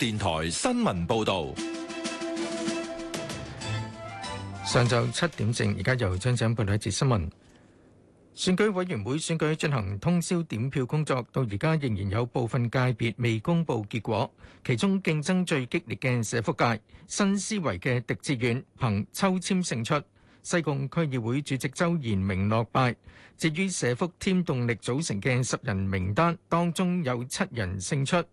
電台新聞報道，上晝七點正，而家由張展報道一節新聞。選舉委員會選舉進行通宵點票工作，到而家仍然有部分界別未公布結果。其中競爭最激烈嘅社福界，新思維嘅狄志遠憑抽籤勝出。西貢區議會主席周賢明落敗。至於社福添動力組成嘅十人名單當中，有七人勝出。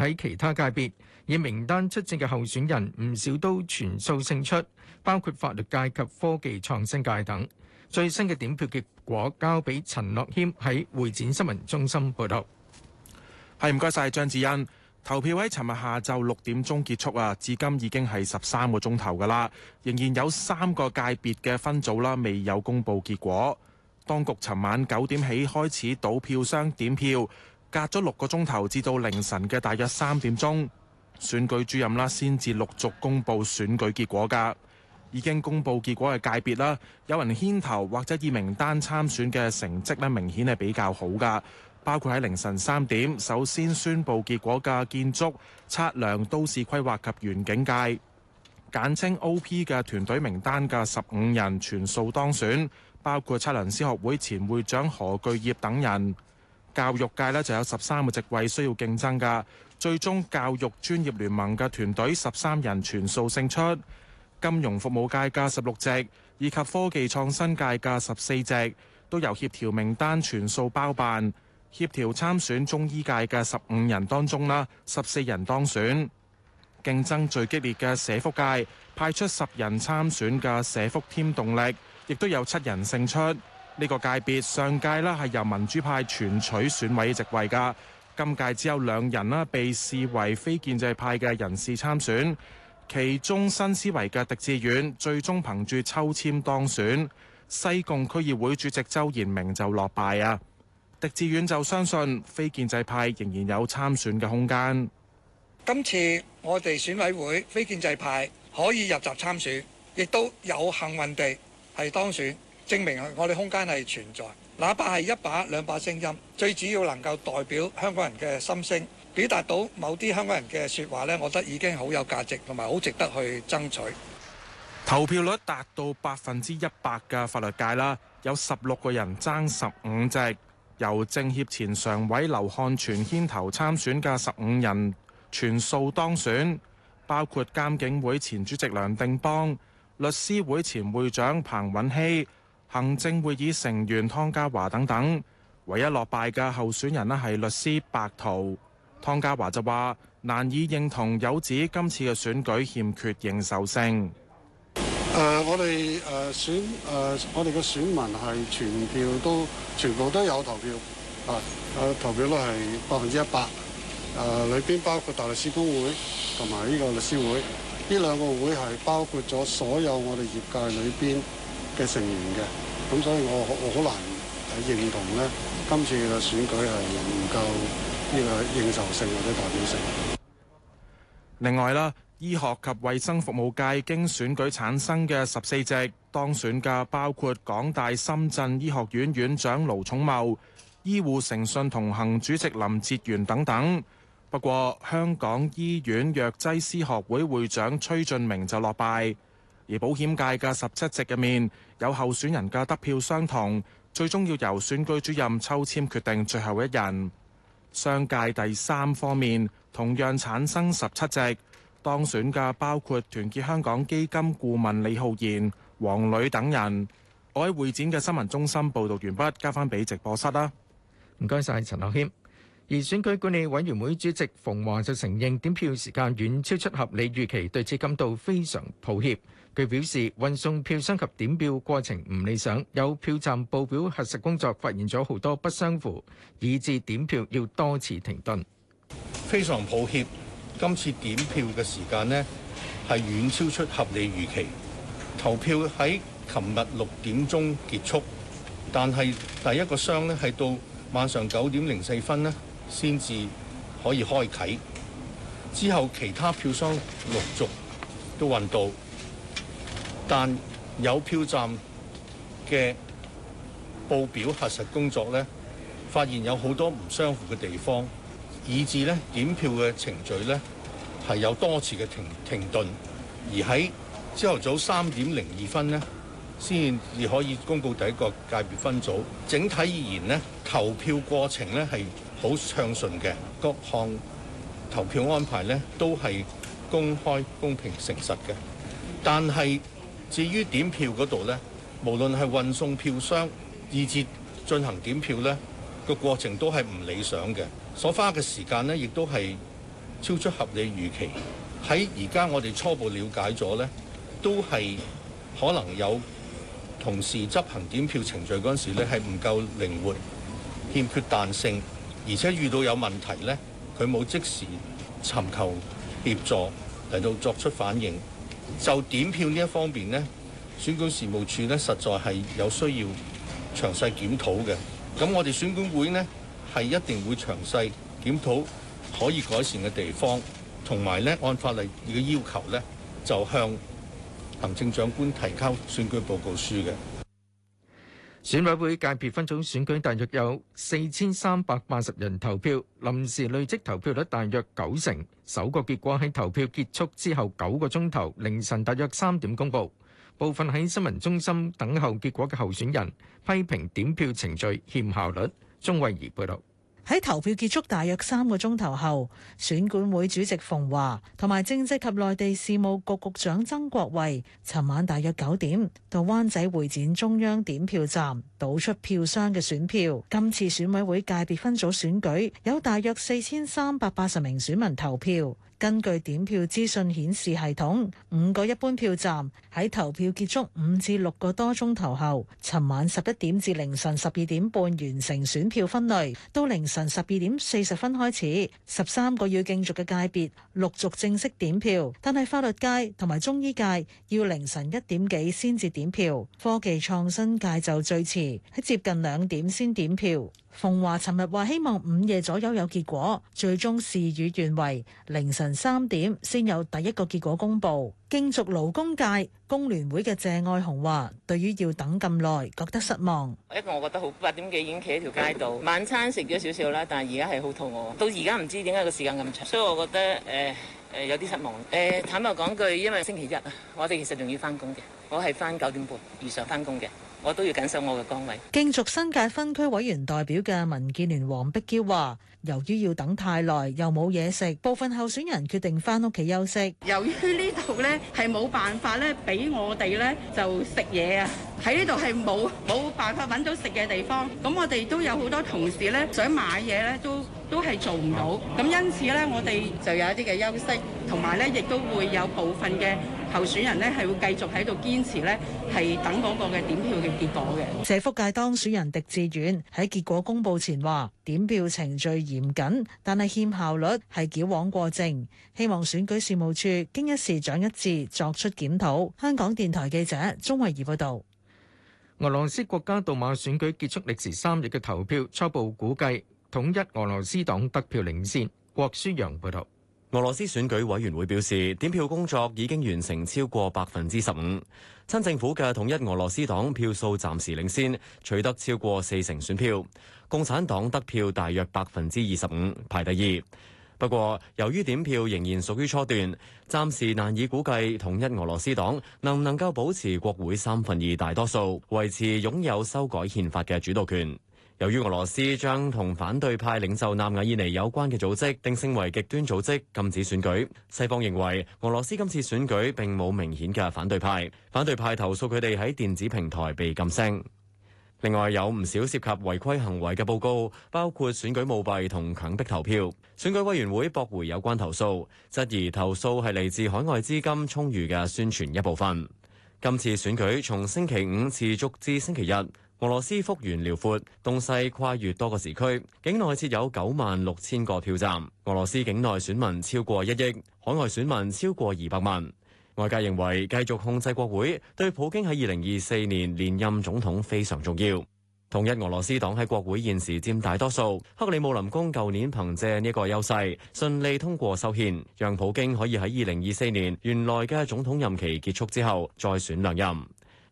喺其他界別以名單出戰嘅候選人唔少都全數勝出，包括法律界及科技創新界等。最新嘅點票結果交俾陳樂謙喺會展新聞中心報導。係唔該晒張子欣。投票喺尋日下晝六點鐘結束啊，至今已經係十三個鐘頭噶啦，仍然有三個界別嘅分組啦未有公布結果。當局尋晚九點起開始倒票商點票。隔咗六個鐘頭，至到凌晨嘅大約三點鐘，選舉主任啦先至陸續公布選舉結果噶。已經公布結果嘅界別啦，有人牽頭或者以名單參選嘅成績咧，明顯係比較好噶。包括喺凌晨三點，首先宣布結果嘅建築測量都市規劃及園境界，簡稱 O.P. 嘅團隊名單嘅十五人全數當選，包括測量師學會前會長何巨業等人。教育界呢就有十三個席位需要競爭噶，最終教育專業聯盟嘅團隊十三人全數勝出。金融服務界嘅十六席以及科技創新界嘅十四席都由協調名單全數包辦。協調參選中醫界嘅十五人當中啦，十四人當選。競爭最激烈嘅社福界派出十人參選嘅社福添動力，亦都有七人勝出。呢、這個界別上屆咧係由民主派全取選委席位噶，今屆只有兩人啦被視為非建制派嘅人士參選。其中新思維嘅狄志遠最終憑住抽籤當選，西貢區議會主席周延明就落敗啊。狄志遠就相信非建制派仍然有參選嘅空間。今次我哋選委會非建制派可以入閘參選，亦都有幸運地係當選。證明我哋空間係存在，哪怕係一把兩把聲音，最主要能夠代表香港人嘅心聲，表達到某啲香港人嘅說話呢，我覺得已經好有價值同埋好值得去爭取。投票率達到百分之一百嘅法律界啦，有十六個人爭十五席，由政協前常委劉漢全牽頭參選嘅十五人全數當選，包括監警會前主席梁定邦、律師會前會長彭允熙。行政會議成員湯家驊等等，唯一落敗嘅候選人呢係律師白濤。湯家驊就話難以認同有指今次嘅選舉欠缺認受性。誒、呃，我哋誒、呃、選誒、呃，我哋嘅選民係全票都全部都有投票啊，誒，投票率係百分之一百。誒，裏邊包括大律師公會同埋呢個律師會，呢兩個會係包括咗所有我哋業界裏邊。嘅成員嘅，咁所以我我好難認同呢今次嘅選舉係唔夠呢個認受性或者代表性。另外啦，醫學及衛生服務界經選舉產生嘅十四席當選嘅，包括港大深圳醫學院院長盧寵茂、醫護誠信同行主席林哲元等等。不過，香港醫院藥劑師學會會長崔俊明就落敗。而保險界嘅十七席嘅面，有候選人嘅得票相同，最終要由選舉主任抽籤決定最後一人。商界第三方面同樣產生十七席，當選嘅包括團結香港基金顧問李浩然、黃磊等人。我喺會展嘅新聞中心報道完畢，交翻俾直播室啦。唔該晒，陳樂謙。而選舉管理委員會主席馮華就承認點票時間遠超出合理預期，對此感到非常抱歉。佢表示運送票箱及點票過程唔理想，有票站報表核實工作發現咗好多不相符，以致點票要多次停頓。非常抱歉，今次點票嘅時間呢係遠超出合理預期。投票喺琴日六點鐘結束，但係第一個箱呢係到晚上九點零四分呢先至可以開啟。之後其他票箱陸續都運到。但有票站嘅報表核實工作咧，發現有好多唔相符嘅地方，以致咧檢票嘅程序咧係有多次嘅停停頓，而喺朝頭早三點零二分咧先至可以公告第一個界別分組。整體而言咧，投票過程咧係好暢順嘅，各項投票安排咧都係公開、公平、誠實嘅，但係。至於點票嗰度呢，無論係運送票箱，以至進行點票呢，個過程都係唔理想嘅，所花嘅時間呢，亦都係超出合理預期。喺而家我哋初步了解咗呢，都係可能有同事執行點票程序嗰陣時呢，係唔夠靈活，欠缺彈性，而且遇到有問題呢，佢冇即時尋求協助嚟到作出反應。就點票呢一方面呢，選舉事務處呢，實在係有需要詳細檢討嘅。咁我哋選管會呢，係一定會詳細檢討可以改善嘅地方，同埋呢，按法例嘅要求呢，就向行政長官提交選舉報告書嘅。選委會界別分組選舉大約有4380人投票，臨時累積投票率大約喺投票結束大約三個鐘頭後，選管會主席馮華同埋政制及內地事務局局長曾國衛，尋晚大約九點到灣仔會展中央點票站倒出票箱嘅選票。今次選委會界別分組選舉有大約四千三百八十名選民投票。根據點票資訊顯示系統，五個一般票站喺投票結束五至六個多鐘頭後，尋晚十一點至凌晨十二點半完成選票分類，到凌晨十二點四十分開始，十三個要競逐嘅界別陸續正式點票。但係法律界同埋中醫界要凌晨一點幾先至點票，科技創新界就最遲喺接近兩點先點票。馮驊尋日話希望午夜左右有結果，最終事與願違，凌晨。凌晨三點先有第一個結果公布，競逐勞工界工聯會嘅謝愛紅話，對於要等咁耐，覺得失望。一個我覺得好，八點幾已經企喺條街度，晚餐食咗少少啦，但係而家係好肚餓。到而家唔知點解個時間咁長，所以我覺得誒誒、呃、有啲失望。誒、呃，坦白講句，因為星期一啊，我哋其實仲要翻工嘅，我係翻九點半，如常翻工嘅。我都要緊守我嘅崗位。競逐新界分區委員代表嘅民建聯黃碧嬌話，由於要等太耐，又冇嘢食，部分候選人決定返屋企休息。由於呢度咧係冇辦法咧，俾我哋咧就食嘢啊！喺呢度係冇冇辦法揾到食嘅地方。咁我哋都有好多同事咧想買嘢咧，都都係做唔到。咁因此咧，我哋就有一啲嘅休息，同埋咧亦都會有部分嘅，候選人呢，係會繼續喺度堅持呢，係等嗰個嘅點票嘅結果嘅。社福界當選人狄志遠喺結果公布前話點票程序嚴謹，但係欠效率，係矯枉過正。希望選舉事務處經一事長一智，作出檢討，香港電台記者鍾慧儀報道。俄羅斯國家杜馬選舉結束，歷時三日嘅投票，初步估計統一俄羅斯黨得票領先。郭書陽報道。俄羅斯選舉委員會表示，點票工作已經完成超過百分之十五。親政府嘅統一俄羅斯黨票數暫時領先，取得超過四成選票。共產黨得票大約百分之二十五，排第二。不過，由於點票仍然屬於初段，暫時難以估計統一俄羅斯黨能唔能夠保持國會三分二大多數，維持擁有修改憲法嘅主導權。由於俄羅斯將同反對派領袖納瓦爾尼有關嘅組織定性為極端組織，禁止選舉。西方認為俄羅斯今次選舉並冇明顯嘅反對派，反對派投訴佢哋喺電子平台被禁聲。另外有唔少涉及違規行為嘅報告，包括選舉舞弊同強迫投票。選舉委員會駁回有關投訴，質疑投訴係嚟自海外資金充裕嘅宣傳一部分。今次選舉從星期五持續至星期日。俄羅斯幅員遼闊，東西跨越多個時區，境內設有九萬六千個票站。俄羅斯境內選民超過一億，海外選民超過二百萬。外界認為繼續控制國會，對普京喺二零二四年連任總統非常重要。統一俄羅斯黨喺國會現時佔大多數，克里姆林宮舊年憑借呢個優勢，順利通過修憲，讓普京可以喺二零二四年原來嘅總統任期結束之後再選兩任。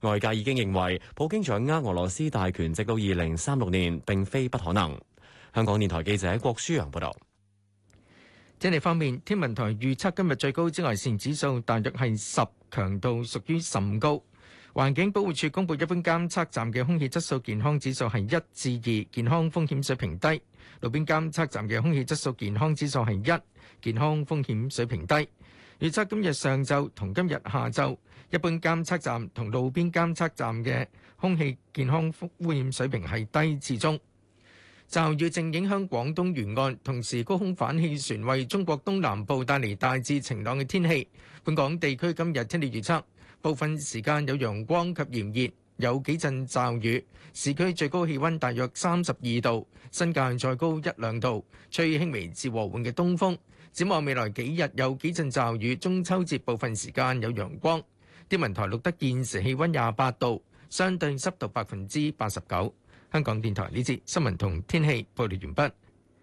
外界已經認為普京掌握俄羅斯大權直到二零三六年並非不可能。香港電台記者郭舒洋報導。天氣方面，天文台預測今日最高紫外線指數大約係十，強度屬於甚高。環境保護署公佈，一般監測站嘅空氣質素健康指數係一至二，健康風險水平低；路邊監測站嘅空氣質素健康指數係一，健康風險水平低。預測今日上晝同今日下晝，一般監測站同路邊監測站嘅空氣健康污染水平係低至中。驟雨正影響廣東沿岸，同時高空反氣旋為中國東南部帶嚟大致晴朗嘅天氣。本港地區今日天氣預測，部分時間有陽光及炎熱，有幾陣驟雨。市區最高氣温大約三十二度，新界再高一兩度，吹輕微至和緩嘅東風。展望未來幾日有幾陣驟雨，中秋節部分時間有陽光。天文台錄得現時氣溫廿八度，相對濕度百分之八十九。香港電台呢節新聞同天氣報道完畢。